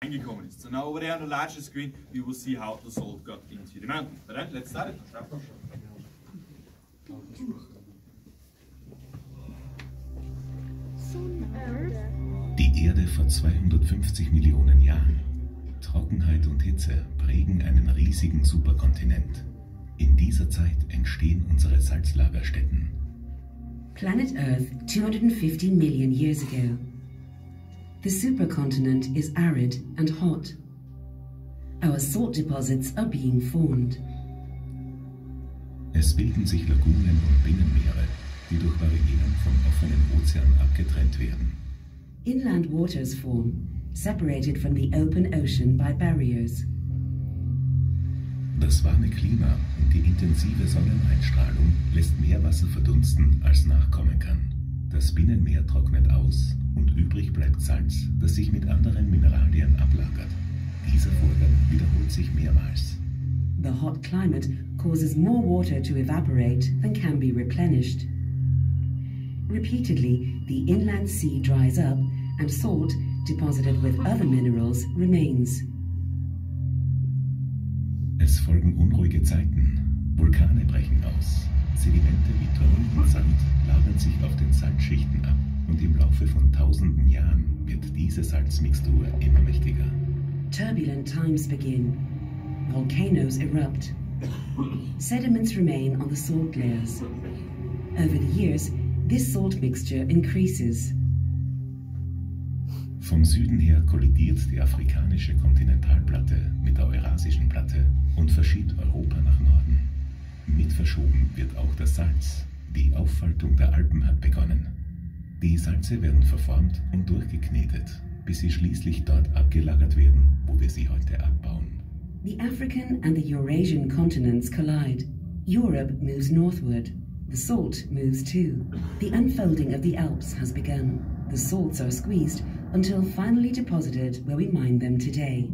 angekommen ist. So now over there on the larger screen, we will see how the salt got into the mountain. All right, eh, let's start it. Die Erde vor 250 Millionen Jahren. Trockenheit und Hitze prägen einen riesigen Superkontinent. In dieser Zeit entstehen unsere Salzlagerstätten. Planet Earth 250 million years ago. The supercontinent is arid and hot. Our salt deposits are being formed. Es bilden sich Lagunen und Binnenmeere, die durch Barrieren vom offenen Ozean abgetrennt werden. Inland waters form, separated from the open ocean by barriers. Das warme Klima und die intensive Sonneneinstrahlung lässt mehr Wasser verdunsten, als nachkommen kann. Das Binnenmeer trocknet aus und übrig mit das sich mit anderen Mineralien ablagert. Dieser Vorgang wiederholt sich mehrmals. The hot climate causes more water to evaporate than can be replenished. Repeatedly, the inland sea dries up and salt, deposited with other minerals, remains. Es folgen unruhige Zeiten. Vulkane brechen aus. Sedimente wie Ton und Sand lagern sich auf den Salzschichten ab und im Laufe von tausenden Jahren wird diese Salzmixtur immer mächtiger. Turbulent times begin. Volcanoes erupt. Sediments remain on the salt layers. Over the years, this salt mixture increases. Vom Süden her kollidiert die afrikanische Kontinentalplatte mit der eurasischen Platte und verschiebt Europa nach Norden. Mit verschoben wird auch das Salz. Die Auffaltung der Alpen hat begonnen. Die Salze werden verformt und durchgeknetet, bis sie schließlich dort abgelagert werden, wo wir sie heute abbauen. The African and the Eurasian continents collide. Europe moves northward. The salt moves too. The unfolding of the Alps has begun. The salts are squeezed until finally deposited where we mine them today.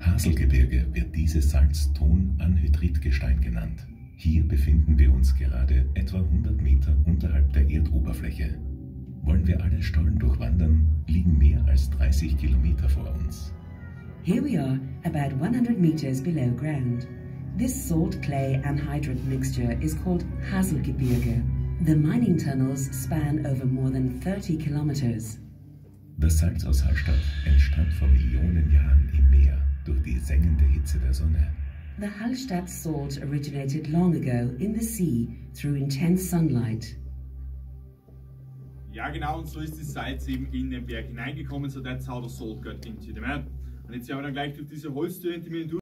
Haselgebirge wird dieses Salzton Anhydritgestein genannt. Hier befinden wir uns gerade etwa 100 Meter unterhalb der Erdoberfläche. Wollen wir alle Stollen durchwandern, liegen mehr als 30 Kilometer vor uns. Here we are, about 100 meters below ground. This salt, clay, anhydrite mixture is called Haselgebirge. The mining tunnels span over more than 30 kilometers. Das Salz aus Hallstatt entstand vor Millionen Jahren im Meer durch die sengende Hitze der Sonne. The Hallstatt salt originated long ago in the sea through intense sunlight. Ja, genau, und so ist die Salz eben in den Berg hineingekommen, so that's how the salt got into the mud. Und jetzt haben wir dann gleich durch diese Holztür, die wir